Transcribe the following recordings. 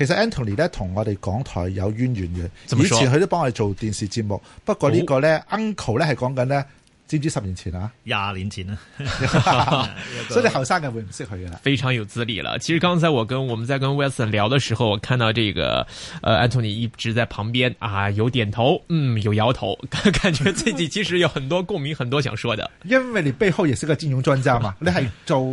其實 Anthony 咧同我哋港台有淵源嘅，以前佢都幫我哋做電視節目。不過個呢個咧、oh.，Uncle 咧係講緊咧，知唔知十年前啊，廿年前啊， 所以你後生嘅會唔識佢嘅啦。非常有資歷啦。其實剛才我跟我們在跟 Wilson 聊嘅時候，我看到這個呃 Anthony 一直在旁邊啊，有點頭，嗯，有搖頭，感覺自己其實有很多共鳴，很多想說的。 因為你背後也是個金融專家嘛，你係做。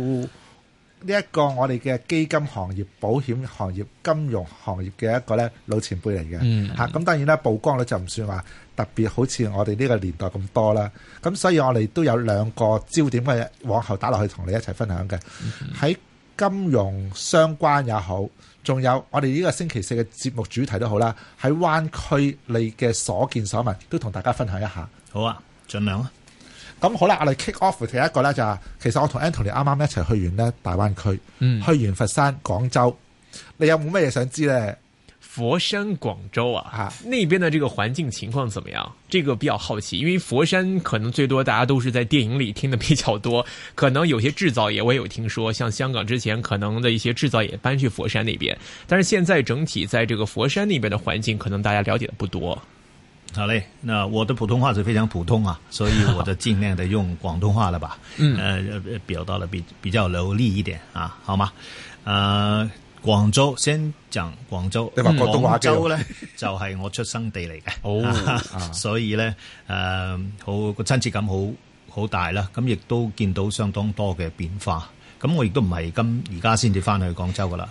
呢一個我哋嘅基金行業、保險行業、金融行業嘅一個咧老前輩嚟嘅，嚇咁、mm hmm. 當然啦，曝光率就唔算話特別，好似我哋呢個年代咁多啦。咁所以我哋都有兩個焦點可以往後打落去同你一齊分享嘅。喺、mm hmm. 金融相關也好，仲有我哋呢個星期四嘅節目主題都好啦。喺灣區你嘅所見所聞都同大家分享一下。好啊，盡量啊。咁好啦，我哋 kick off 第一個呢就係，其實我同 Anthony 啱啱一齊去完呢大灣區，去完佛山、廣州，你有冇乜嘢想知呢？佛山、廣州啊，啊，那邊的這個環境情況怎麼樣？呢、這個比較好奇，因為佛山可能最多大家都是在電影裡聽得比較多，可能有些製造業我有聽說，像香港之前可能的一些製造業搬去佛山那邊，但是現在整體在這個佛山那邊的環境，可能大家了解得不多。好咧，那我的普通話是非常普通啊，所以我就盡量的用廣東話啦吧，誒、 呃，表達得比較比較流利一點啊，好嘛？誒、呃，廣州先講廣州，你話廣東話州咧、嗯、就係我出生地嚟嘅， 哦啊、所以咧誒、呃、好個親切感好好大啦，咁亦都見到相當多嘅變化，咁我亦都唔係今而家先至翻去廣州噶啦。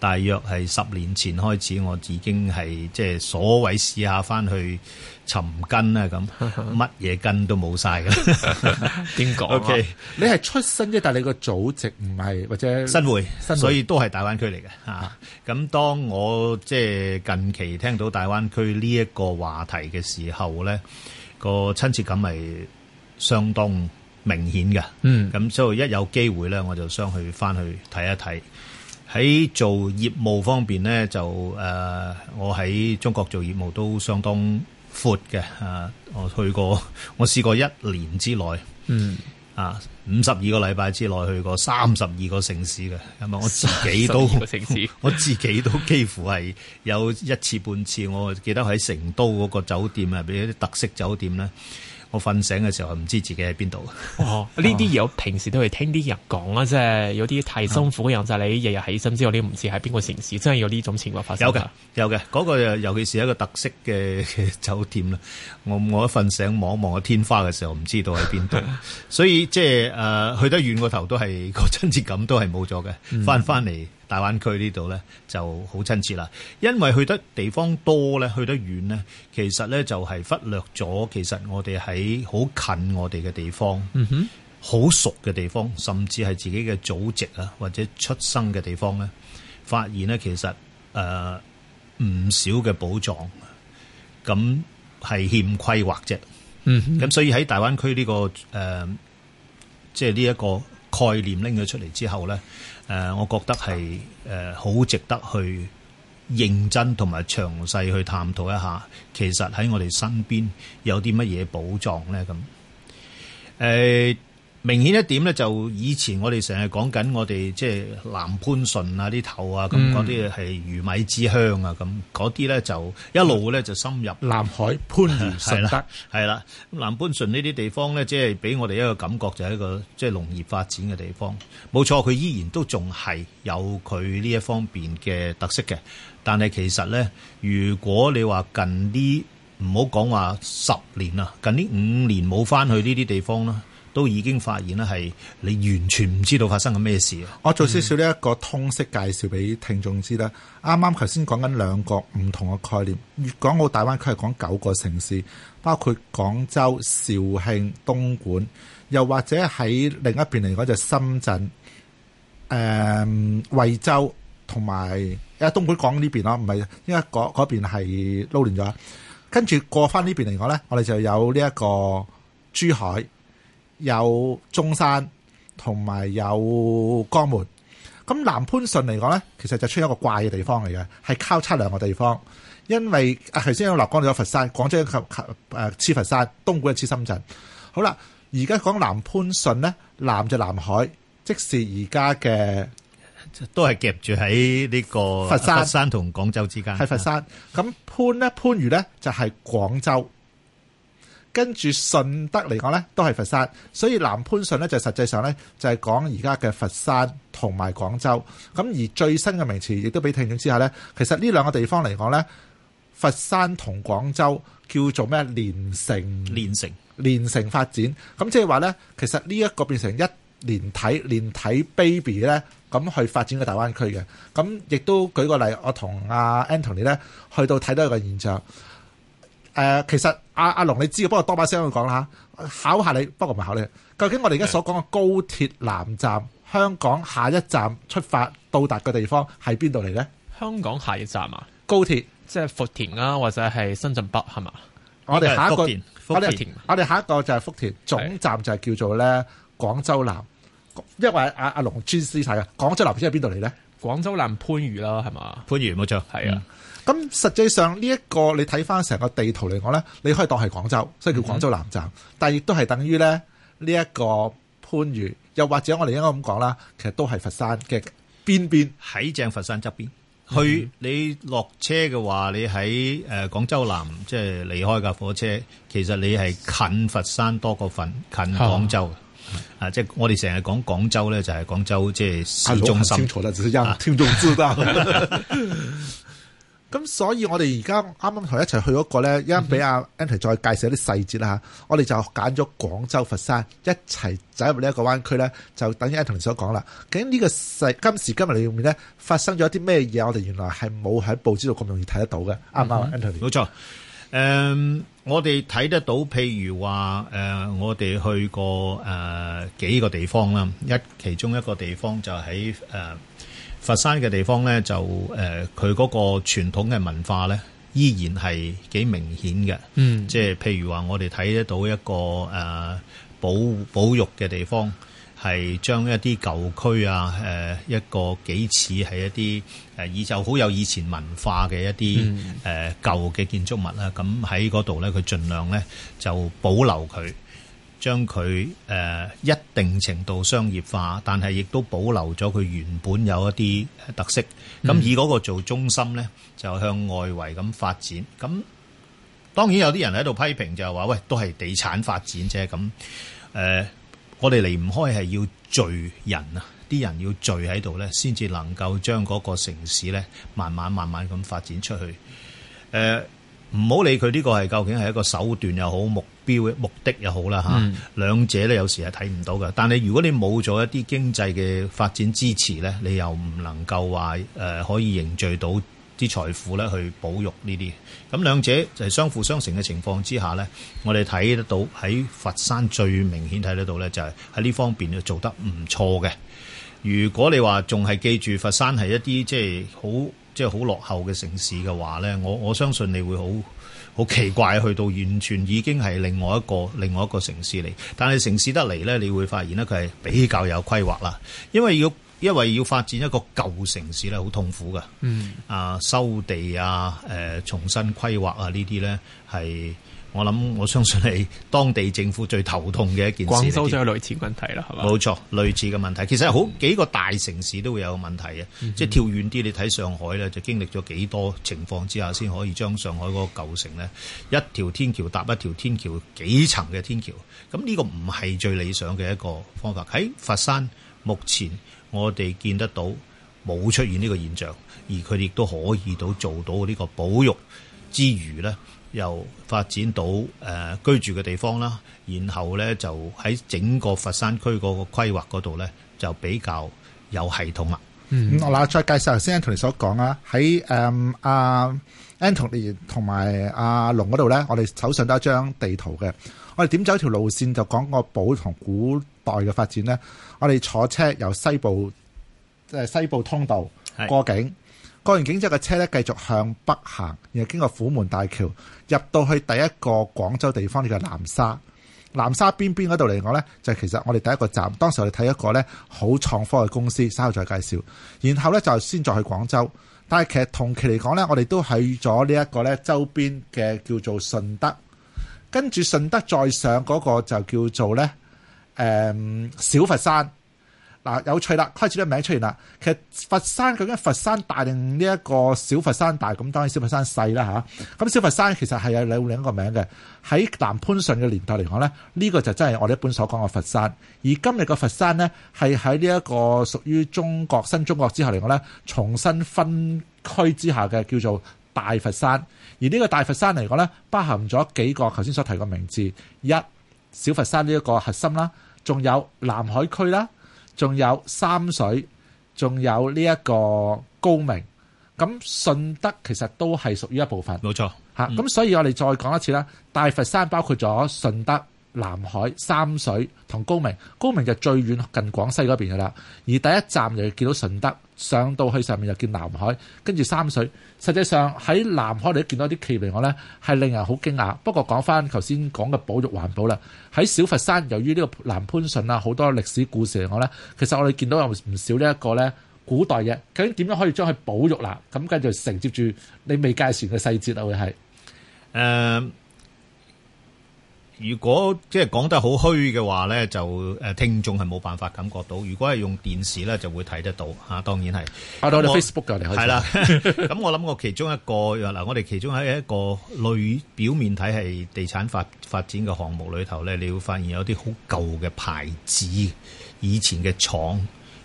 大約係十年前開始，我已經係即係所謂試下翻去尋根啦，咁乜嘢根都冇晒，點講？O K，你係出身啫，但係你個祖籍唔係或者新會，新會，所以都係大灣區嚟嘅吓。咁 當我即係近期聽到大灣區呢一個話題嘅時候咧，個親切感係相當明顯嘅。嗯，咁所以一有機會咧，我就想去翻去睇一睇。喺做業務方面呢，就誒、呃，我喺中國做業務都相當闊嘅啊！我去過，我試過一年之內，嗯啊，五十二個禮拜之內去過三十二個城市嘅，咁啊，我自己都， 城市 我自己都幾乎係有一次半次，我記得喺成都嗰個酒店啊，譬如一啲特色酒店咧。我瞓醒嘅時候唔知自己喺邊度。呢啲嘢我平時都會聽啲人講啦，即係有啲太辛苦嘅人就係、是、你日日起身之後你唔知喺邊個城市，真係有呢種情況發生有。有嘅，有嘅，嗰個尤其是一個特色嘅酒店啦。我我一瞓醒望望個天花嘅時候唔知道喺邊度， 所以即係誒去得遠個頭都係、個親切感都係冇咗嘅，翻翻嚟。大灣區呢度呢就好親切啦，因為去得地方多呢，去得遠呢，其實呢就係忽略咗其實我哋喺好近我哋嘅地方，好、嗯、哼熟嘅地方，甚至係自己嘅祖籍啊或者出生嘅地方呢，發現呢其實誒唔、呃、少嘅寶藏，咁係欠規劃啫。嗯哼，咁所以喺大灣區呢、這個誒，即係呢一個概念拎咗出嚟之後呢。誒、呃，我覺得係誒好值得去認真同埋詳細去探討一下，其實喺我哋身邊有啲乜嘢寶藏呢？咁誒。呃明顯一點咧，就以前我哋成日講緊我哋即係南番順啊，啲頭啊咁嗰啲係魚米之鄉啊，咁嗰啲咧就一路咧就深入南海番禺順德，係啦， 咁南番順呢啲地方咧，即係俾我哋一個感覺就係一個即係、就是、農業發展嘅地方，冇錯，佢依然都仲係有佢呢一方面嘅特色嘅。但係其實咧，如果你話近啲，唔好講話十年啊，近呢五年冇翻去呢啲地方啦。都已經發現啦，係你完全唔知道發生緊咩事。我做少少呢一個通識介紹俾聽眾知啦。啱啱頭先講緊兩個唔同嘅概念，粵港澳大灣區係講九個城市，包括廣州、肇慶、東莞，又或者喺另一邊嚟講就深圳、誒、嗯、惠州，同埋而家東莞講呢邊咯，唔係，因為嗰嗰邊係撈亂咗。跟住過翻呢邊嚟講咧，我哋就有呢一個珠海。有中山同埋有，有江門，咁南番順嚟講咧，其實就出一個怪嘅地方嚟嘅，係靠測量嘅地方，因為啊，頭先有落江，有佛山，廣州一係誒，次佛山，東莞一次深圳，好啦，而家講南番順咧，南就南海，即是而家嘅都係夾住喺呢個佛山同廣州之間，係佛山，咁番咧番禺咧就係、是、廣州。跟住順德嚟講咧，都係佛山，所以南番順咧就實際上咧就係講而家嘅佛山同埋廣州。咁而最新嘅名詞亦都俾聽完之下咧，其實呢兩個地方嚟講咧，佛山同廣州叫做咩連城？連城連城發展。咁即係話咧，其實呢一個變成一連體連體 baby 咧，咁去發展個大灣區嘅。咁亦都舉個例，我同阿 Anthony 咧去到睇到一個現象。誒，其實阿阿龍你知嘅，不過多把聲去講啦嚇。考下你，不過唔係考你。究竟我哋而家所講嘅高鐵南站，香港下一站出發到達嘅地方係邊度嚟咧？香港下一站啊？高鐵即係福田啊，或者係深圳北係嘛？我哋下一個，福田我哋我哋下一個就係福田，福田，福田總站，就係叫做咧廣州南。的因為阿阿龍專師曬啊，廣州南，即係邊度嚟咧？廣州南番禺啦，係嘛？番禺冇錯的，係啊、嗯。咁實際上呢、這、一個你睇翻成個地圖嚟講咧，你可以當係廣州，所以叫廣州南站，嗯、哼但係亦都係等於咧呢一、這個番禺，又或者我哋應該咁講啦，其實都係佛山嘅邊邊，喺正佛山側邊。去你落車嘅話，你喺誒、呃、廣州南即係離開架火車，其實你係近佛山多過近廣州啊，啊，即係我哋成日講廣州咧，就係、是、廣州即係市中心。哎、清楚只、就是讓、啊、聽眾知道。 咁、嗯、所以我剛剛我，我哋而家啱啱同一齊去嗰個咧，依家俾阿 Anthony 再介紹一啲細節啦嚇。嗯、哼我哋就揀咗廣州、佛山一齊走入呢一個灣區咧，就等於 Anthony 所講啦。究竟呢個世今時今日裏面咧，發生咗啲咩嘢？我哋原來係冇喺報紙度咁容易睇得到嘅。啱唔啱？Anthony 冇錯。誒、嗯，我哋睇得到，譬如話誒、呃，我哋去過誒、呃、幾個地方啦。一其中一個地方就喺誒。呃佛山嘅地方咧，就誒佢嗰個傳統嘅文化咧，依然係幾明顯嘅。嗯，即係譬如話，我哋睇得到一個誒、呃、保保育嘅地方，係將一啲舊區啊，誒、呃、一個幾似係一啲誒以就好有以前文化嘅一啲誒、嗯呃、舊嘅建築物啦。咁喺嗰度咧，佢盡量咧就保留佢。將佢誒、呃、一定程度商業化，但係亦都保留咗佢原本有一啲特色。咁、嗯、以嗰個做中心呢，就向外圍咁發展。咁、嗯、當然有啲人喺度批評，就係話：喂，都係地產發展啫。咁誒、呃，我哋離唔開係要聚人啊！啲人要聚喺度呢，先至能夠將嗰個城市呢，慢慢慢慢咁發展出去。誒、呃。唔好理佢呢個係究竟係一個手段又好，目標目的又好啦，吓。嗯、兩者咧有時係睇唔到嘅。但係如果你冇咗一啲經濟嘅發展支持咧，你又唔能夠話誒可以凝聚到啲財富咧去保育呢啲。咁兩者就係相輔相成嘅情況之下咧，我哋睇得到喺佛山最明顯睇得到咧，就係喺呢方面就做得唔錯嘅。如果你話仲係記住佛山係一啲即係好。就是即係好落後嘅城市嘅話呢，我我相信你會好好奇怪去到完全已經係另外一個另外一個城市嚟。但係城市得嚟呢，你會發現呢，佢係比較有規劃啦。因為要因為要發展一個舊城市呢，好痛苦㗎。嗯，啊，收地啊，誒、呃，重新規劃啊，呢啲呢係。我諗我相信係當地政府最頭痛嘅一件事。廣州有類似問題啦，係嘛？冇錯，類似嘅問題，其實好幾個大城市都會有問題嘅。嗯、哼即係跳遠啲，你睇上海咧，就經歷咗幾多情況之下，先可以將上海嗰個舊城咧，一條天橋搭一條天橋，幾層嘅天橋。咁呢個唔係最理想嘅一個方法。喺佛山，目前我哋見得到冇出現呢個現象，而佢哋亦都可以到做到呢個保育之餘咧。又發展到誒居住嘅地方啦，然後咧就喺整個佛山區嗰個規劃嗰度咧，就比較有系統啦。我嗱、嗯嗯，再介紹頭先 Antony 所講啦，喺誒阿、嗯啊、Antony 同埋、啊、阿龍嗰度咧，我哋手上都有一張地圖嘅。我哋點走條路線就講個寶同古代嘅發展咧。我哋坐車由西部即係西部通道過境。過完警車嘅車咧，繼續向北行，然後經過虎門大橋，入到去第一個廣州地方，呢個南沙。南沙邊邊嗰度嚟講呢，就係，其實我哋第一個站，當時我哋睇一個呢好創科嘅公司，稍後再介紹。然後呢，就先再去廣州，但係其實同期嚟講呢，我哋都去咗呢一個呢周邊嘅叫做順德，跟住順德再上嗰個就叫做呢誒、嗯、小佛山。嗱、啊，有趣啦，開始呢個名出現啦。其實佛山究竟佛山大定呢一個小佛山大咁，當然小佛山細啦吓，咁、啊嗯、小佛山其實係有兩兩個名嘅。喺南番順嘅年代嚟講咧，呢、這個就真係我哋一般所講嘅佛山。而今日嘅佛山咧，係喺呢一個屬於中國新中國之後嚟講咧，重新分區之下嘅叫做大佛山。而呢個大佛山嚟講咧，包含咗幾個頭先所提嘅名字，一小佛山呢一個核心啦，仲有南海區啦。仲有三水，仲有呢一個高明，咁順德其實都係屬於一部分，冇錯嚇。咁、啊、所以我哋再講一次啦，嗯、大佛山包括咗順德。南海、三水同高明，高明就最遠近廣西嗰邊噶啦。而第一站就要見到順德，上到去上面就見南海，跟住三水。實際上喺南海，你都見到一啲企業嚟講咧，係令人好驚訝。不過講翻頭先講嘅保育環保啦，喺小佛山，由於呢個南番順啊，好多歷史故事嚟講咧，其實我哋見到有唔少呢一個咧古代嘅，究竟點樣可以將佢保育啦？咁跟住承接住你未介紹嘅細節啦，會係誒。Uh 如果即係講得好虛嘅話咧，就誒聽眾係冇辦法感覺到。如果係用電視咧，就會睇得到嚇、啊。當然係，我 Facebook 隔籬，係啦。咁我諗過其中一個，嗱，我哋其中喺一個類表面睇係地產發發展嘅項目裏頭咧，你會發現有啲好舊嘅牌子，以前嘅廠。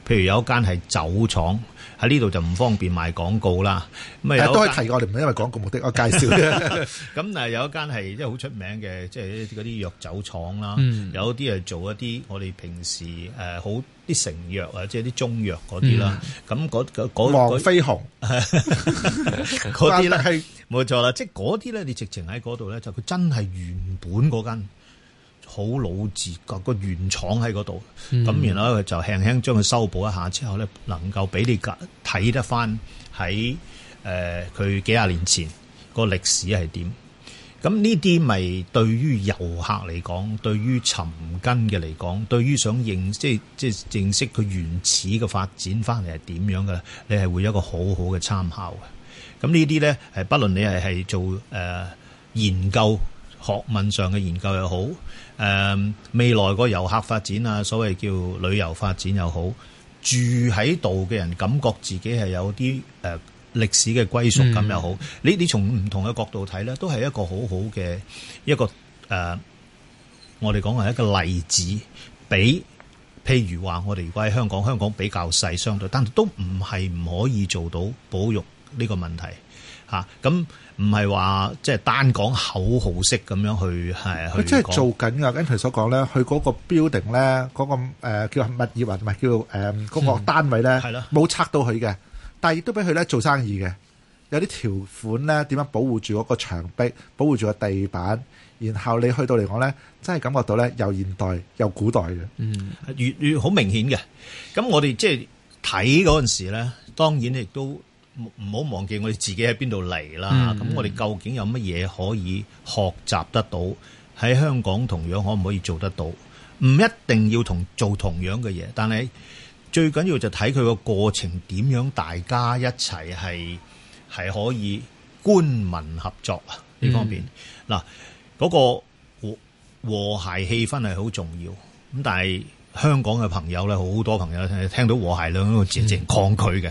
譬如有一間係酒廠喺呢度就唔方便賣廣告啦，咁都係提我哋唔係因為廣告目的，我介紹嘅。咁啊 有一間係即係好出名嘅，即係嗰啲藥酒廠啦，嗯、有啲係做一啲我哋平時誒好啲成藥啊，即係啲中藥嗰啲啦。咁嗰嗰黃飛鴻嗰啲咧係冇錯啦，即係嗰啲咧你直情喺嗰度咧就佢、是、真係原本嗰間。好老字個個原廠喺嗰度，咁、嗯、然後就輕輕將佢修補一下之後咧，能夠俾你睇得翻喺，誒佢幾廿年前個歷史係點。咁呢啲咪對於遊客嚟講，對於尋根嘅嚟講，對於想認即係即係認識佢原始嘅發展，翻嚟係點樣嘅，你係會有一個好好嘅參考嘅。咁呢啲咧，係不論你係係做誒、呃、研究、學問上嘅研究又好。誒、嗯，未來個遊客發展啊，所謂叫旅遊發展又好，住喺度嘅人感覺自己係有啲誒歷史嘅歸屬感又好，嗯、你你從唔同嘅角度睇呢，都係一個好好嘅一個誒、呃，我哋講係一個例子，比譬如話我哋如果喺香港，香港比較細相對，但都唔係唔可以做到保育呢個問題。吓，咁唔係話即係單講口號式咁樣去係，佢即係做緊噶。跟住佢所講咧，佢嗰個 building 咧，嗰、那個誒、呃、叫物業啊，係、呃、叫誒嗰、呃那個單位咧，係咯、嗯，冇拆到佢嘅，但係亦都俾佢咧做生意嘅。有啲條款咧，點樣保護住嗰個牆壁，保護住個地板，然後你去到嚟講咧，真係感覺到咧又現代又古代嘅，嗯，越越好明顯嘅。咁我哋即係睇嗰陣時咧，當然亦都。唔好忘記我哋自己喺邊度嚟啦，咁、嗯、我哋究竟有乜嘢可以學習得到？喺香港同樣可唔可以做得到？唔一定要同做同樣嘅嘢，但係最緊要就睇佢個過程點樣，大家一齊係係可以官民合作啊！呢、嗯、方面嗱，嗰、那個和和諧氣氛係好重要咁，但係。香港嘅朋友咧，好多朋友聽到和諧兩個，都直情抗拒嘅。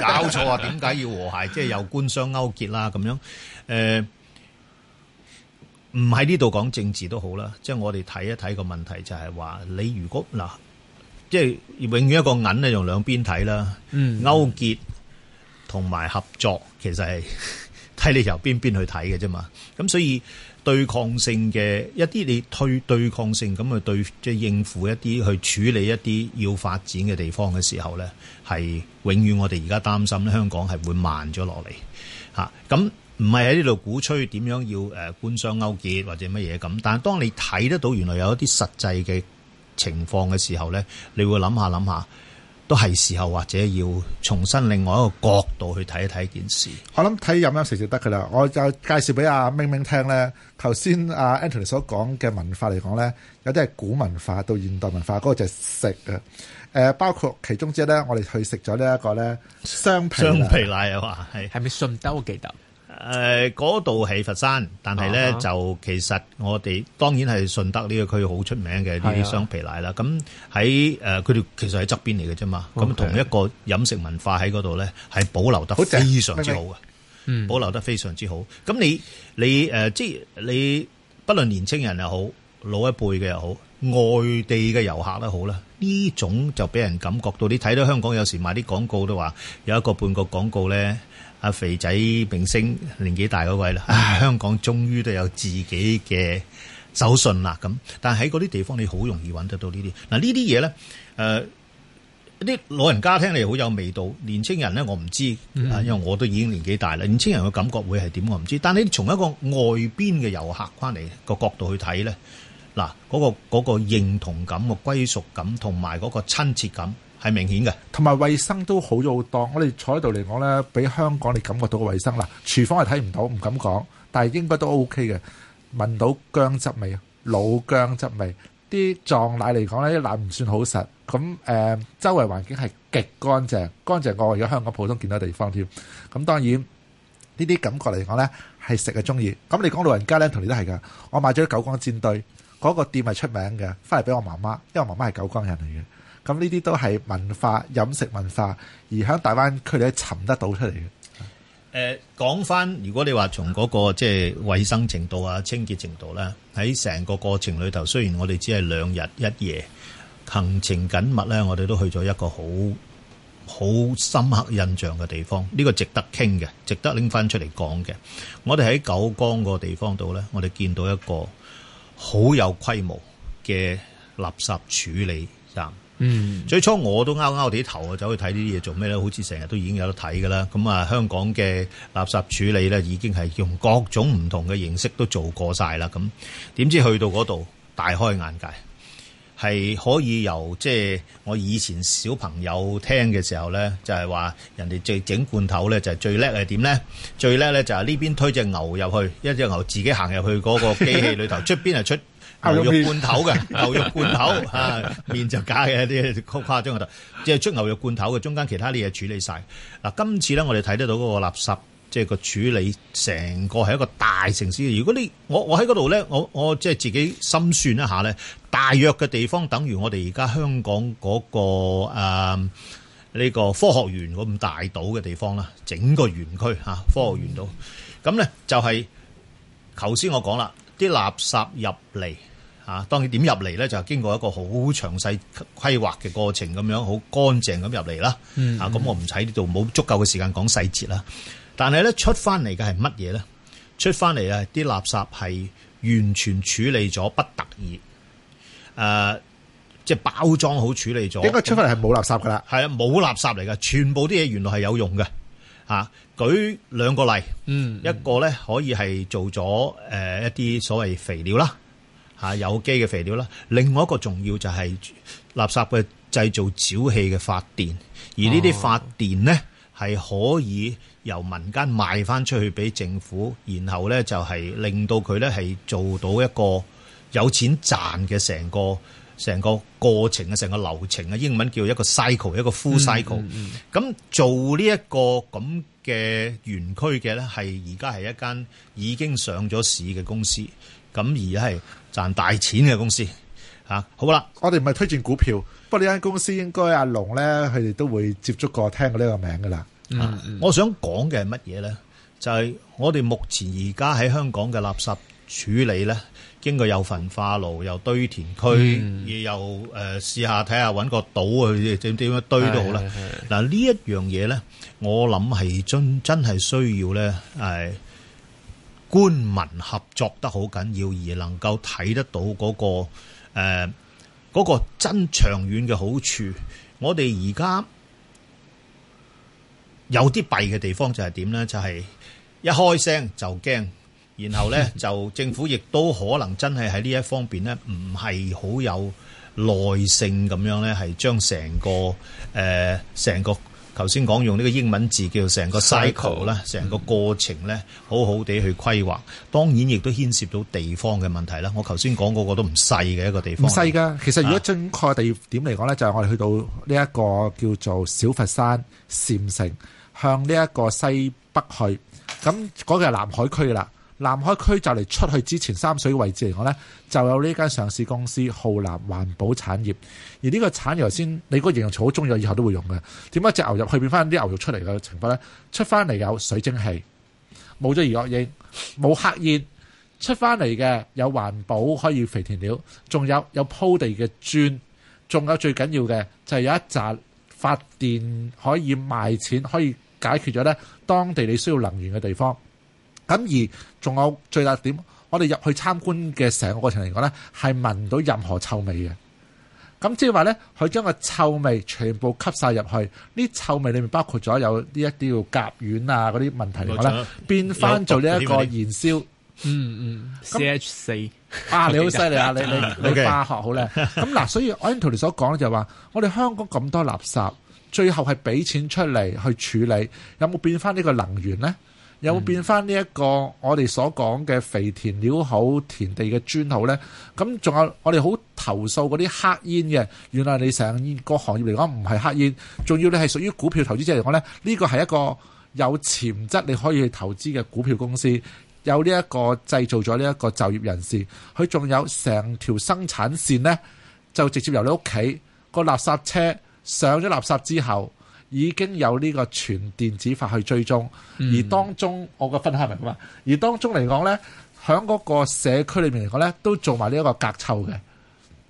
搞錯啊！點解要和諧？即係有官商勾結啦，咁樣誒，唔喺呢度講政治都好啦。即係我哋睇一睇個問題就，就係話你如果嗱，即係永遠一個銀咧，用兩邊睇啦。勾結同埋合作，其實係睇你由邊邊去睇嘅啫嘛。咁所以。對抗性嘅一啲，你推對抗性咁去對，即係應付一啲、去處理一啲要發展嘅地方嘅時候呢，係永遠我哋而家擔心香港係會慢咗落嚟吓。咁唔係喺呢度鼓吹點樣要誒官商勾結或者乜嘢咁，但係當你睇得到原來有一啲實際嘅情況嘅時候呢，你會諗下諗下。都係時候或者要重新另外一個角度去睇一睇件事。我諗睇飲飲食食得噶啦，我就介紹俾阿明明聽咧。頭先阿 Anthony 所講嘅文化嚟講咧，有啲係古文化到現代文化，嗰、那個就係食啊。誒、呃，包括其中之一咧，我哋去食咗呢一個咧，雙皮奶啊嘛，係，係咪順德我記得。誒，嗰度係佛山，但係咧、uh huh. 就其實我哋當然係順德呢個區好出名嘅呢啲雙皮奶啦。咁喺誒、佢、呃、哋其實喺側邊嚟嘅啫嘛。咁 Okay. 同一個飲食文化喺嗰度咧，係保留得非常之好嘅，uh huh. 保留得非常之好。咁你你誒、呃，即係你不論年青人又好，老一輩嘅又好，外地嘅遊客都好啦，呢種就俾人感覺到。你睇到香港有時賣啲廣告都話有一個半個廣告咧，阿肥仔明星年紀大嗰位啦，香港終於都有自己嘅手信啦。咁，但係喺嗰啲地方你好容易揾得到呢啲。嗱，呢啲嘢咧，誒、呃，啲老人家聽嚟好有味道。年青人咧，我唔知，因為我都已經年紀大啦。年青人嘅感覺會係點，我唔知。但係你從一個外邊嘅遊客翻嚟個角度去睇咧，嗱、嗰、嗰個嗰、嗰個認同感、嗰個歸屬感同埋嗰個親切感，係明顯嘅，同埋衞生都好咗好多。我哋坐喺度嚟講呢，比香港你感覺到嘅衞生啦，廚房係睇唔到，唔敢講，但係應該都 OK 嘅。聞到薑汁味、老薑汁味，啲撞奶嚟講呢，啲奶唔算好實。咁誒，周圍環境係極乾淨，乾淨過而家香港普通見到嘅地方添。咁當然呢啲感覺嚟講呢，係食嘅鍾意。咁你講老人家呢，同你都係㗎。我買咗啲九江煎堆，嗰個店係出名嘅，翻嚟俾我媽媽，因為我媽媽係九江人嚟嘅。咁呢啲都係文化飲食文化，而喺大灣區裏尋得到出嚟嘅。誒、呃，講翻，如果你話從嗰、那個即係衞生程度啊、清潔程度呢，喺成個過程裏頭，雖然我哋只係兩日一夜行程緊密呢，我哋都去咗一個好好深刻印象嘅地方。呢、這個值得傾嘅，值得拎翻出嚟講嘅。我哋喺九江個地方度呢，我哋見到一個好有規模嘅垃圾處理站。嗯，最初我都拗拗哋頭啊，走去睇呢啲嘢做咩咧？好似成日都已經有得睇噶啦。咁啊，香港嘅垃圾處理咧，已經係用各種唔同嘅形式都做過晒啦。咁點知去到嗰度，大開眼界。係可以由即係我以前小朋友聽嘅時候咧，就係話人哋最整罐頭咧，就係最叻係點咧？最叻咧就係呢邊推隻牛入去，一隻牛自己行入去嗰個機器裏頭，出邊係出牛肉罐頭嘅。 牛肉罐頭啊！ 面就假嘅一啲好誇張嘅就，即係出牛肉罐頭嘅中間其他啲嘢處理晒。嗱，今次咧我哋睇得到嗰個垃圾。即係個處理，成個係一個大城市。如果你我我喺嗰度咧，我我即係自己心算一下咧，大約嘅地方等於我哋而家香港嗰、那個誒呢、啊這個科學園咁大島嘅地方啦，整個園區吓科學園島。咁咧就係頭先我講啦，啲垃圾入嚟吓，當然點入嚟咧就係、是、經過一個好詳細規劃嘅過程，咁樣好乾淨咁入嚟啦。吓咁、嗯嗯啊、我唔使呢度冇足夠嘅時間講細節啦。但係咧，出翻嚟嘅係乜嘢咧？出翻嚟啊！啲垃圾係完全處理咗，不得已，誒、呃，即係包裝好處理咗。應該出翻嚟係冇垃圾噶啦，係啊、嗯，冇垃圾嚟噶，全部啲嘢原來係有用嘅。嚇、啊，舉兩個例，嗯，一個咧可以係做咗誒一啲所謂肥料啦，嚇、啊，有機嘅肥料啦。另外一個重要就係垃圾嘅製造沼氣嘅發電，而呢啲發電咧。嗯係可以由民間賣翻出去俾政府，然後呢就係令到佢呢係做到一個有錢賺嘅成個成個過程啊，成個流程啊，英文叫一個 cycle，一個 full cycle、嗯。咁、嗯嗯、做呢一個咁嘅園區嘅呢，係而家係一間已經上咗市嘅公司，咁而家係賺大錢嘅公司。吓、啊、好啦，我哋唔係推薦股票，不過呢間公司應該阿龍咧，佢哋都會接觸過，聽過呢個名噶啦、嗯嗯啊。我想講嘅係乜嘢咧？就係、是、我哋目前而家喺香港嘅垃圾處理咧，經過有焚化爐、又堆填區，嗯、又誒試下睇下揾個島去點點樣堆都好啦。嗱，啊、呢一樣嘢咧，我諗係真真係需要咧，誒，官民合作得好緊要，而能夠睇得到嗰、那個。誒，嗰、呃嗰個真長遠嘅好處，我哋而家有啲弊嘅地方就係點呢？就係、是、一開聲就驚，然後呢， 就政府亦都可能真係喺呢一方面呢，唔係好有耐性咁樣呢，係將成個誒成個。呃頭先講用呢個英文字叫做成個 cycle 啦，成個過程咧，好好地去規劃。當然亦都牽涉到地方嘅問題啦。我頭先講嗰個都唔細嘅一個地方。唔細㗎，其實如果正確嘅地點嚟講咧，啊、就係我哋去到呢一個叫做小佛山禪城，向呢一個西北去，咁、那、嗰個係南海區啦。南海區就嚟出去之前三水嘅位置嚟講呢，就有呢間上市公司浩南環保產業。而呢個產業頭先你個形容詞好中意，以後都會用嘅。點解隻牛入去變翻啲牛肉出嚟嘅情況呢？出翻嚟有水蒸氣，冇咗二氧化碳，冇黑煙，出翻嚟嘅有環保可以肥田料，仲有有鋪地嘅磚，仲有最緊要嘅就係有一扎發電可以賣錢，可以解決咗呢當地你需要能源嘅地方。咁而仲有最大點，我哋入去參觀嘅成個過程嚟講咧，係聞到任何臭味嘅。咁即係話咧，佢將個臭味全部吸晒入去。呢臭味裡面包括咗有呢一啲叫甲烷啊嗰啲問題嚟講咧，變翻做呢一個燃燒。那嗯嗯，CH 四那啊，你好犀利啊！你你你化學好靚。咁嗱 Okay. 啊，所以 Anthony 所講咧就係話，我哋香港咁多垃圾，最後係俾錢出嚟去處理，有冇變翻呢個能源咧？有冇變翻呢一個我哋所講嘅肥田料好田地嘅專好呢？咁仲有我哋好投訴嗰啲黑煙嘅，原來你成個行業嚟講唔係黑煙，仲要你係屬於股票投資者嚟講呢。呢個係一個有潛質你可以去投資嘅股票公司，有呢一個製造咗呢一個就業人士，佢仲有成條生產線呢，就直接由你屋企個垃圾車上咗垃圾之後。已經有呢個全電子法去追蹤，嗯、而當中我個分享係咁，而當中嚟講咧，喺嗰個社區裏面嚟講咧，都做埋呢一個隔臭嘅。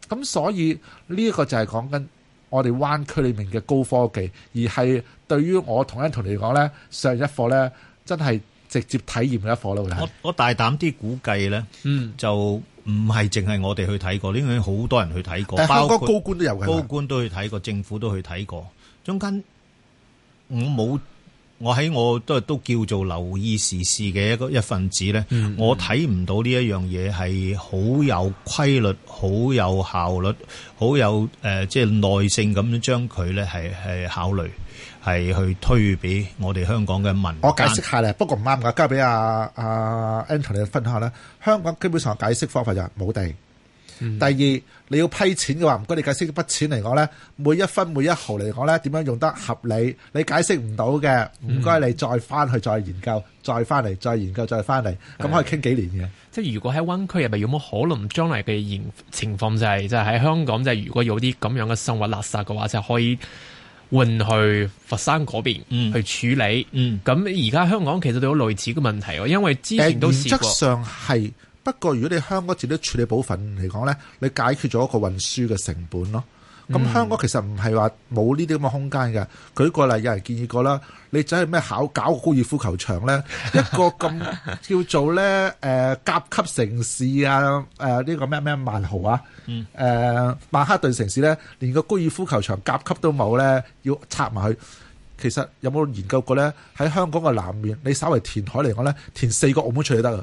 咁、嗯、所以呢一、這個就係講緊我哋灣區裏面嘅高科技，而係對於我同一同嚟講咧，上一課咧真係直接體驗嘅一課咯。我大膽啲估計咧，嗯、就唔係淨係我哋去睇過，呢樣好多人去睇過，但包括高官都有，高官都去睇過，政府都去睇過，中間。我冇，我喺我都係都叫做留意時事嘅一個一份子咧。嗯嗯、我睇唔到呢一樣嘢係好有規律、好有效率、好有誒，即、呃、係、就是、耐性咁樣將佢咧係係考慮，係去推俾我哋香港嘅民。我解釋下咧，不過唔啱噶，交俾阿阿 Anthony 你分下啦。香港基本上解釋方法就係冇地。第二，你要批錢嘅話，唔該你解釋呢筆錢嚟講咧，每一分每一毫嚟講咧，點樣用得合理？你解釋唔到嘅，唔該你再翻去再研究，再翻嚟再研究，再翻嚟，咁的可以傾幾年嘅。即係如果喺灣區入面有冇可能將來嘅情況就係、係、就喺、係、香港，就如果有啲咁樣嘅生活垃圾嘅話，就可以運去佛山嗰邊去處理。嗯，咁而家香港其實都有類似嘅問題，因為之前都試過。原則上係。不過，如果你香港自己處理部分嚟講咧，你解決咗一個運輸嘅成本咯。咁、嗯、香港其實唔係話冇呢啲咁嘅空間嘅。舉個例，有人建議過啦，你走去咩考搞，搞個高爾夫球場咧？一個咁 叫做咧誒、呃、甲級城市啊誒呢個咩咩萬豪啊誒、嗯呃、曼哈頓城市咧，連個高爾夫球場甲級都冇咧，要拆埋去。其實有冇研究過咧？喺香港嘅南面，你稍微填海嚟講咧，填四個澳門出去得㗎！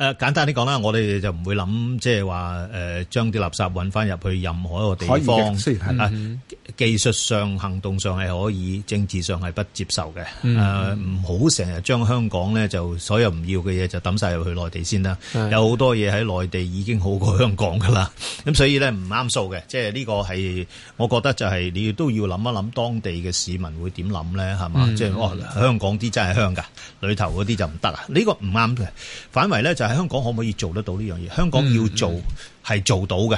誒簡單啲講啦，我哋就唔會諗即係話誒將啲垃圾揾翻入去任何一個地方，可、啊、技術上行動上係可以，政治上係不接受嘅。誒唔好成日將香港呢，就所有唔要嘅嘢就抌晒入去內地先啦。的有好多嘢喺內地已經好過香港噶啦。咁、 嗯、所以咧唔啱數嘅，即係呢個係我覺得就係、是、你都要諗一諗當地嘅市民會點諗咧，係嘛？即係、嗯就是啊、香港啲真係香㗎，裏頭嗰啲就唔得啊！呢、呢個唔啱嘅，反為咧就係喺香港可唔可以做得到呢樣嘢？香港要做係做到嘅，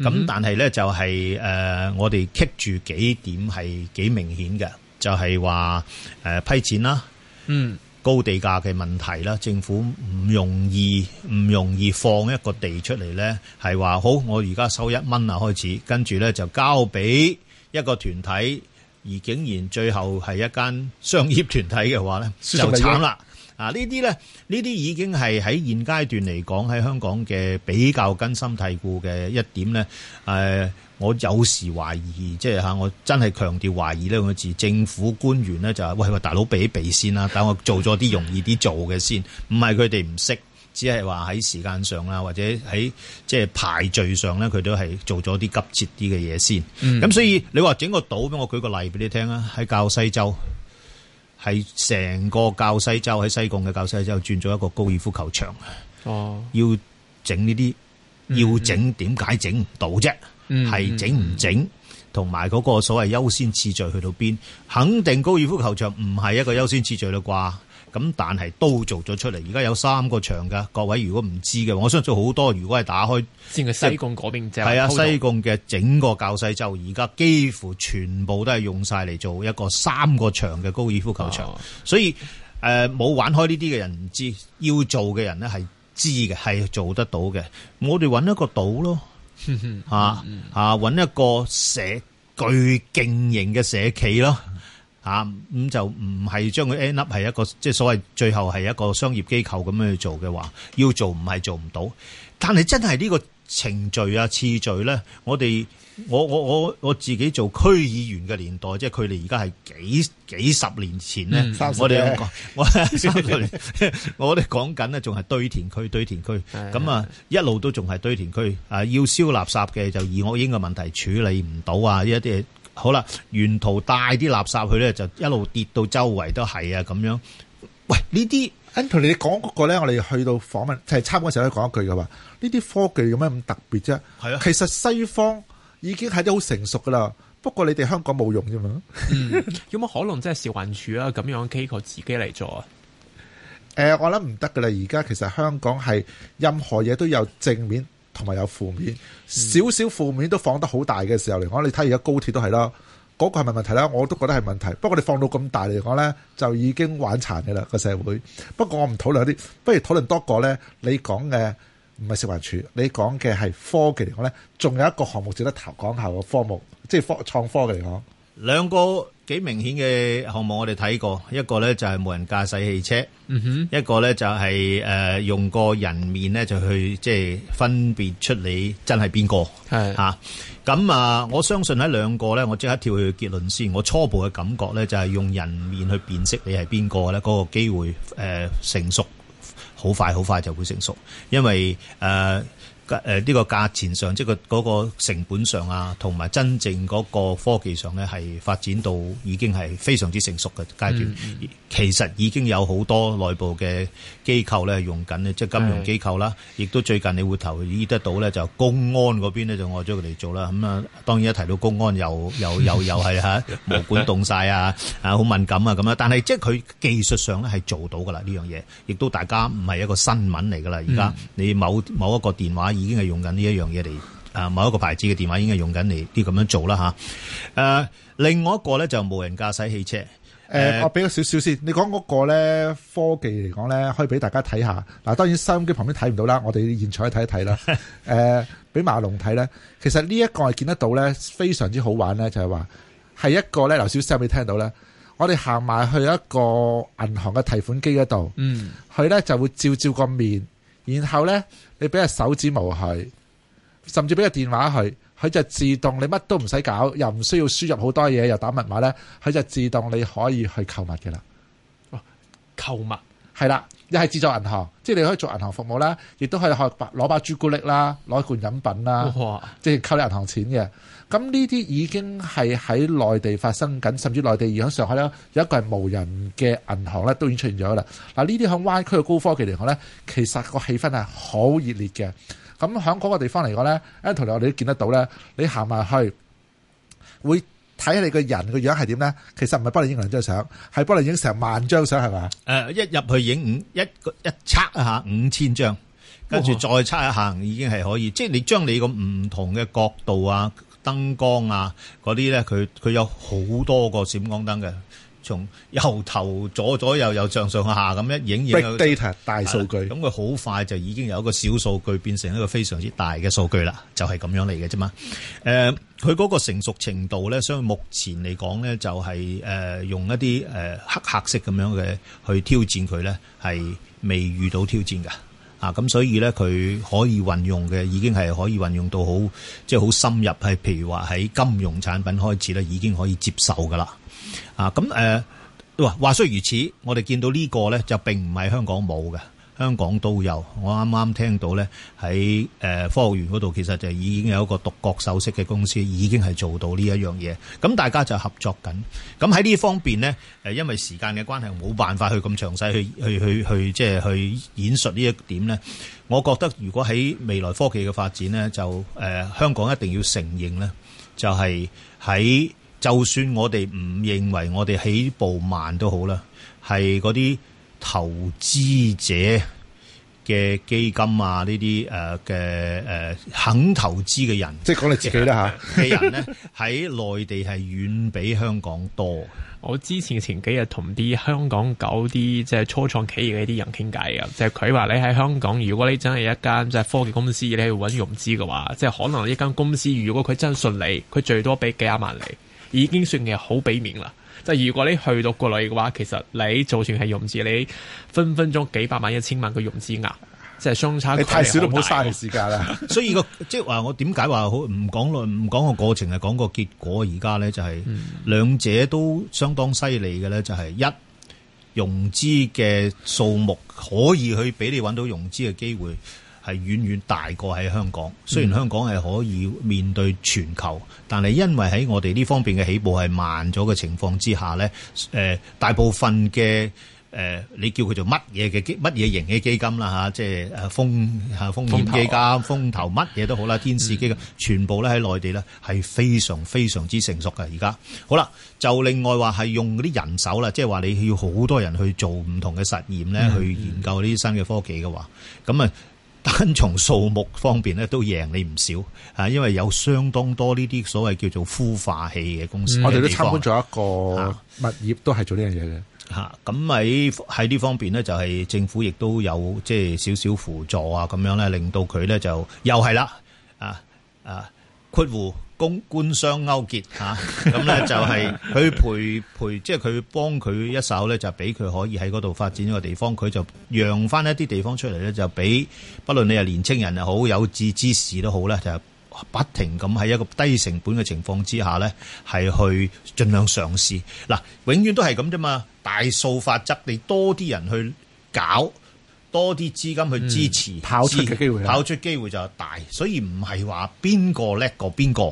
咁但係呢，就係誒，我哋棘住幾點係幾明顯嘅，就係話誒批錢啦，嗯，高地價嘅問題啦，政府唔容易唔容易放一個地出嚟呢，係話好，我而家收一蚊啊開始，跟住呢就交俾一個團體，而竟然最後係一間商業團體嘅話呢，就慘啦。嗱、啊、呢啲咧，呢啲已經係喺現階段嚟講喺香港嘅比較根深蒂固嘅一點咧。誒、呃，我有時懷疑，即係嚇、啊，我真係強調懷疑兩個字。政府官員咧就話：喂喂，大佬避一避先啦，等我做咗啲容易啲做嘅先。唔係佢哋唔識，只係話喺時間上啦，或者喺即係排序上咧，佢都係做咗啲急切啲嘅嘢先。咁、嗯啊、所以你話整個島，俾我舉個例俾你聽啊，喺交椅洲。係成個教西洲喺西貢嘅教西洲轉咗一個高爾夫球場。哦、要整呢啲要整，點解整唔到啫？係整唔整同埋嗰個所謂優先次序去到邊？肯定高爾夫球場唔係一個優先次序啦啩。咁但係都做咗出嚟，而家有三個場噶各位如果唔知嘅，我相信好多如果係打開，先去西貢嗰邊即係，就啊西貢嘅整個滘西洲就而家幾乎全部都係用晒嚟做一個三個場嘅高爾夫球場。啊、所以誒、冇、呃、玩開呢啲嘅人唔知，要做嘅人咧係知嘅，係做得到嘅。我哋揾一個島咯，吓吓揾一個社具經營嘅社企咯。啊，咁就唔係將佢 end up 係一個即係所謂最後係一個商業機構咁樣去做嘅話，要做唔係做唔到，但係真係呢個程序啊次序咧，我哋我我我我自己做區議員嘅年代，即係佢哋而家係幾幾十年前呢。我哋 我我我我哋講緊咧仲係堆填區堆填區，咁的啊的一路都仲係堆填區啊，要燒垃圾嘅就二惡英嘅問題處理唔到啊，一啲好啦，沿途帶啲垃圾去咧，就一路跌到周圍都係啊，咁樣。喂，呢啲，Anthony 你講嗰、那個咧，我哋去到訪問參觀嗰時都講一句嘅話，呢啲科技有咩咁特別啫？係啊，其實西方已經係得好成熟噶啦，不過你哋香港冇用啫嘛、 嗯。有冇可能真係少環處啊？咁樣機構自己嚟做啊？誒、呃，我諗唔得噶啦。而家其實香港係任何嘢都有正面。同埋有，有負面，少少負面都放得好大嘅時候嚟講，你睇而家高鐵都係啦，嗰、嗰個係咪問題啦？我都覺得係問題。不過你放到咁大嚟講咧，就已經玩殘嘅啦個社會。不過我唔討論一啲，不如討論多個咧。你講嘅唔係食環署，你講嘅係科技嚟講咧，仲有一個項目值得投講下嘅科目，即係科創科嚟講。兩個幾明顯嘅項目，我哋睇過，一個呢，就係無人駕駛汽車，嗯、哼一個呢，就係誒用個人面呢，就去即係分別出你真係邊個係吓。咁的啊，我相信喺兩個呢，我即刻跳去結論先。我初步嘅感覺呢，就係用人面去辨識你係邊個、那個呢嗰個機會誒、呃、成熟好快，好快就會成熟，因為誒。呃誒呢個價錢上，即係個嗰成本上啊，同埋真正個科技上咧，係發展到已經係非常之成熟嘅階段。嗯、其實已經有好多內部嘅機構咧，用緊咧，即係金融機構啦，是亦都最近你會留意得到咧，就公安嗰邊咧就愛咗佢嚟做啦。咁、嗯、啊，當然一提到公安又 又，又又又又係吓，毛管凍晒啊，啊好敏感啊咁啊。但係即係佢技術上咧係做到㗎啦，呢樣嘢亦都大家唔係一個新聞嚟㗎啦。而家、嗯、你某某一個電話。已經係用緊呢一樣嘢，嚟，啊，某一個牌子嘅電話已經係用緊嚟啲咁樣做啦吓。誒、啊，另外一個咧就無人駕駛汽車。誒、呃，呃、我俾少少先，你講嗰個咧科技嚟講咧，可以俾大家睇下。嗱，當然收音機旁邊睇唔到啦，我哋現場去睇一睇啦。誒、 呃，俾馬龍睇咧，其實呢一個係見得到咧，非常之好玩咧，就係話係一個咧，劉小姐有冇聽到咧？我哋行埋去一個銀行嘅提款機嗰度，嗯，佢咧就會照照個面。然後呢，你俾個手指模佢，甚至俾個電話佢，佢就自動你乜都唔使搞，又唔需要輸入好多嘢，又打密碼呢，佢就自動你可以去購物嘅啦。哦，購物。係啦，又係自助銀行，即係你可以做銀行服務啦，亦都可以去攞包朱古力啦，攞罐飲品啦，哇即係扣你銀行錢嘅。咁呢啲已經係喺內地發生緊，甚至內地而喺上海咧，有一個係無人嘅銀行呢，都已經出現咗啦。嗱，呢啲喺灣區嘅高科技嚟講呢，其實個氣氛係好熱烈嘅。咁喺嗰個地方嚟講呢，頭嚟我哋都見得到呢，你行埋去會。睇下你個人個樣係點咧？其實唔係幫你影兩張相，係幫你影成萬張相，係咪？誒、呃，一入去影五一一測一下五千張，跟住再測一下已經係可以。即係你將你個唔同嘅角度啊、燈光啊嗰啲咧，佢佢有好多個閃光燈嘅。從由頭左左右右上，上上下下咁一影影 Big Data，大數據，咁佢好快就已經有一個小數據變成一個非常之大嘅數據啦，就係、是、咁樣嚟嘅啫嘛。誒、呃，佢嗰個成熟程度咧，所以目前嚟講咧，就係、是、誒、呃、用一啲誒、呃、黑客式咁樣嘅去挑戰佢咧，係未遇到挑戰嘅啊。咁、嗯、所以咧，佢可以運用嘅已經係可以運用到好即係好深入，係譬如話喺金融產品開始咧，已經可以接受噶啦。啊，咁誒，話、呃、話雖如此，我哋見到呢個呢，就並唔係香港冇嘅，香港都有。我啱啱聽到呢，喺誒、呃、科學園嗰度，其實就已經有一個獨角獸式嘅公司，已經係做到呢一樣嘢。咁大家就合作緊。咁喺呢方面呢，誒，因為時間嘅關係，冇辦法去咁詳細去去去去，即係去、去、去、就是、去演述呢一點呢。我覺得如果喺未來科技嘅發展呢，就誒、呃，香港一定要承認呢，就係喺。就算我哋唔認為我哋起步慢都好啦，係嗰啲投資者嘅基金啊，呢啲誒嘅誒肯投資嘅人，即係講你自己啦嚇嘅人呢，喺內地係遠比香港多。 我之前前幾日同啲香港搞啲即係初創企業嘅啲人傾偈啊，就係佢話你喺香港，如果你真係一間即係科技公司，你去揾融資嘅話，即係可能一間公司如果佢真信你，佢最多俾幾廿萬你。已經算係好俾面啦，即係如果你去到國內嘅話，其實你就算係融資，你分分鐘幾百萬、一千萬嘅融資額，即係相差。你太少都唔好嘥你時間啦。所以個即係話我點解話好唔講論唔講個過程，係講個結果呢。而家咧就係、是、兩、嗯、者都相當犀利嘅咧，就係、是、一融資嘅數目可以去俾你搵到融資嘅機會。係遠遠大過喺香港，雖然香港係可以面對全球，但係因為喺我哋呢方面嘅起步係慢咗嘅情況之下呢，誒、呃、大部分嘅誒、呃、你叫佢做乜嘢嘅基乜嘢型嘅基金啦嚇，即係誒風風險基金、啊啊、風投乜嘢都好啦，天使基金全部咧喺內地呢係非常非常之成熟㗎而家。好啦，就另外話係用嗰啲人手啦，即係話你要好多人去做唔同嘅實驗呢，去研究呢啲新嘅科技嘅話，咁啊～單從數目方面咧，都贏你唔少啊！因為有相當多呢啲所謂叫做孵化器嘅公司，嗯，我哋都參觀咗一個物業都，都係做呢樣嘢嘅吓。咁喺喺呢方面呢，就係、是、政府亦都有即係少少輔助啊，咁樣咧令到佢咧就又係啦啊啊！括弧公官商勾結嚇，咁咧、 啊、就係、是、佢陪陪，即係佢幫佢一手咧，就俾佢可以喺嗰度發展一個地方，佢就讓翻一啲地方出嚟咧，就俾，不論你係年青人又好有志之士都好咧，就不停咁喺一個低成本嘅情況之下咧，係去盡量嘗試。嗱、啊，永遠都係咁啫嘛，大數法則，你多啲人去搞，多啲資金去支持，跑出嘅機會，跑出，機會，跑出機會就大，所以唔係話邊個叻過邊個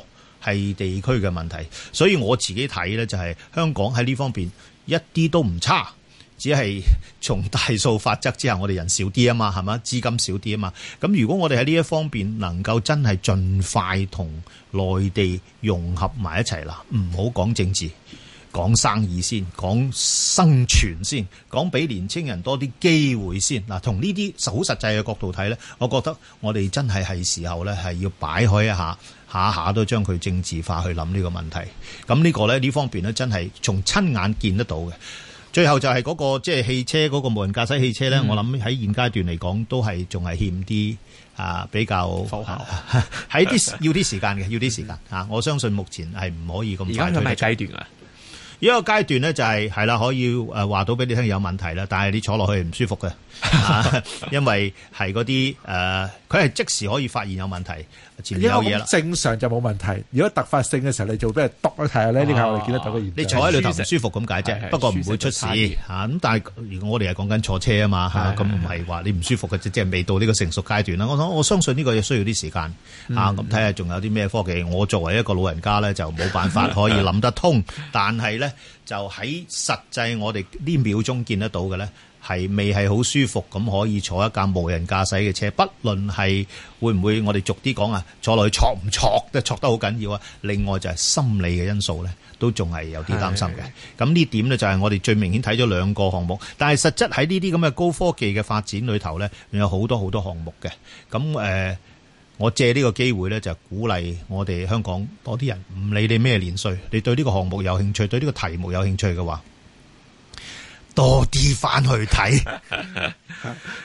係地區嘅問題，所以我自己睇呢，就係香港喺呢方面一啲都唔差，只係從大數法則之下，我哋人少啲啊嘛，係嘛，資金少啲啊嘛，咁如果我哋喺呢一方面能夠真係盡快同內地融合埋一齊啦，唔好講政治。講生意先，講生存先，講俾年青人多啲機會先。嗱，同呢啲好實際嘅角度睇呢，我覺得我哋真係係時候呢，係要擺開一下，下下都將佢政治化去諗呢個問題。咁呢個呢，呢方面呢，真係從親眼見得到嘅。最後就係嗰個即係汽車嗰個無人駕駛汽車呢。嗯、我諗喺現階段嚟講，都係仲係欠啲啊，比較喺啲要啲時間嘅，要啲時間啊。我相信目前係唔可以咁而家階段啊。呢一個階段咧、就是，就係係啦，可以誒話到俾你聽有問題啦，但係你坐落去唔舒服嘅、 啊，因為係嗰啲誒，佢、呃、係即時可以發現有問題。如果我正常就冇問題，如果突發性嘅時候你做畀人篤一睇下呢，呢下、啊、我哋見得到嘅現象，你坐喺裏頭唔舒服咁解啫。是是是，不過唔會出事嚇。咁但係，我哋係講緊坐車嘛，是是啊嘛嚇，咁唔係話你唔舒服嘅，即、就、係、是、未到呢個成熟階段啦。我我相信呢個嘢需要啲時間嚇。咁睇下仲有啲咩科技，我作為一個老人家咧，就冇辦法可以諗得通。 但係咧，就喺實際我哋呢秒鐘見得到嘅咧。係未係好舒服，咁可以坐一架無人駕駛嘅車，不論係會唔會，我哋逐啲講啊，坐落去坐唔坐都坐得好緊要啊。另外就係、是、心理嘅因素呢，都仲係有啲擔心嘅。咁呢的點呢，就係我哋最明顯睇咗兩個項目，但係實質喺呢啲咁嘅高科技嘅發展裏頭呢，有好多好多項目嘅。咁誒、呃，我借呢個機會呢，就鼓勵我哋香港多啲人，唔理你咩年歲，你對呢個項目有興趣，對呢個題目有興趣嘅話。多啲翻去睇，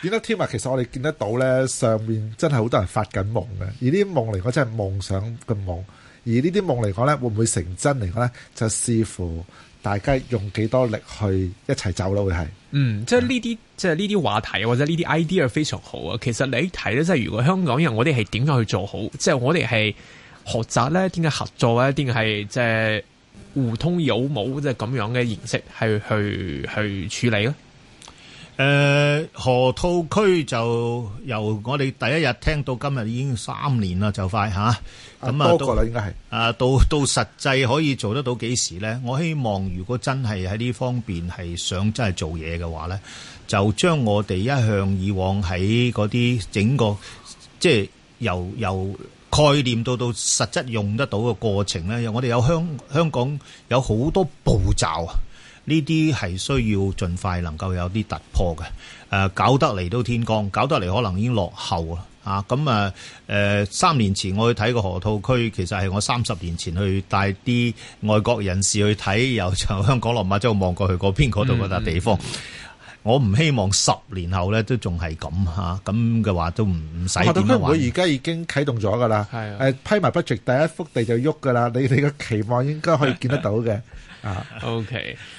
點解？添啊，其實我哋見得到咧，上面真係好多人發緊夢嘅，而呢啲夢嚟講真係夢想嘅夢，而呢啲夢嚟講咧，會唔會成真嚟講咧？就視乎大家用幾多力去一齊走咯，會係。嗯，嗯即係呢啲，即係呢啲話題或者呢啲 idea 非常好啊。其實你睇咧，即係如果香港人，我哋係點樣去做好？即係我哋係學習咧，點解合作啊？一定係即係？互通有冇，即係咁樣嘅形式，係去去處理咯。誒、呃，河套區就由我哋第一日聽到今日已經三年啦，就快吓。咁啊，多啦應該係。啊，到到，到實際可以做得到幾時咧？我希望如果真係喺呢方面係想真係做嘢嘅話咧，就將我哋一向以往喺嗰啲整個即係由。由。概念到到實質用得到嘅過程咧，我哋有香香港有好多步驟啊，呢啲係需要盡快能夠有啲突破嘅。誒、呃，搞得嚟都天光，搞得嚟可能已經落後喇！啊，咁啊誒，三年前我去睇個河套區，其實係我三十年前去帶啲外國人士去睇，由香港落馬洲望過去嗰邊嗰度嗰笪地方。嗯嗯我唔希望十年後咧都仲係咁嚇，咁嘅話都唔使點話。規劃委會而家已經啟動咗㗎啦，係誒的、呃、批埋 budget，第一幅地就喐㗎啦。你哋嘅期望應該可以見得到嘅 啊。OK。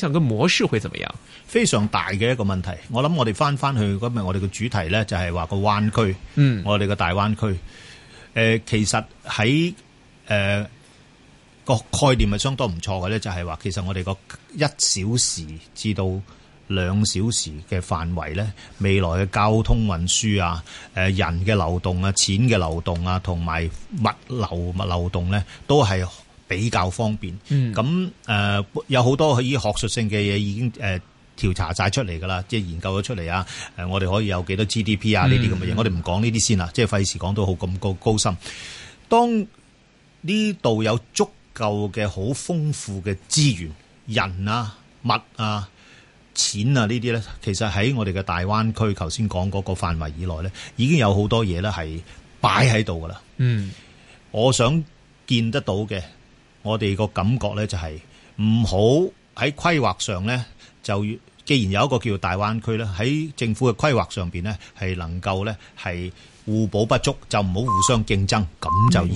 整個模式會怎麼樣？非常大嘅一個問題。我諗我哋翻翻去今日我哋嘅主題咧，就係話個灣區，嗯，我哋個大灣區。誒、呃，其實喺誒、呃、個概念係相當唔錯嘅咧，就係、是、話其實我哋個一小時至到兩小時嘅範圍咧，未來嘅交通運輸啊、誒、呃、人嘅流動啊、錢嘅流動啊，同埋物流物流動咧，都係。比較方便，咁誒、嗯呃、有好多可以學術性嘅嘢已經誒、呃、調查晒出嚟㗎啦，即係研究咗出嚟啊！誒、呃，我哋可以有幾多 GDP 啊？呢啲咁嘅嘢，嗯、我哋唔講呢啲先啦，即係費事講到好咁高高深。當呢度有足夠嘅好豐富嘅資源、人啊、物啊、錢啊呢啲咧，其實喺我哋嘅大灣區頭先講嗰個範圍以內咧，已經有好多嘢咧係擺喺度㗎啦。嗯，我想見得到嘅。我哋個感覺咧就係唔好喺規劃上咧，就要既然有一個叫做大灣區咧，喺政府嘅規劃上邊咧，係能夠咧係互補不足，就唔好互相競爭咁就。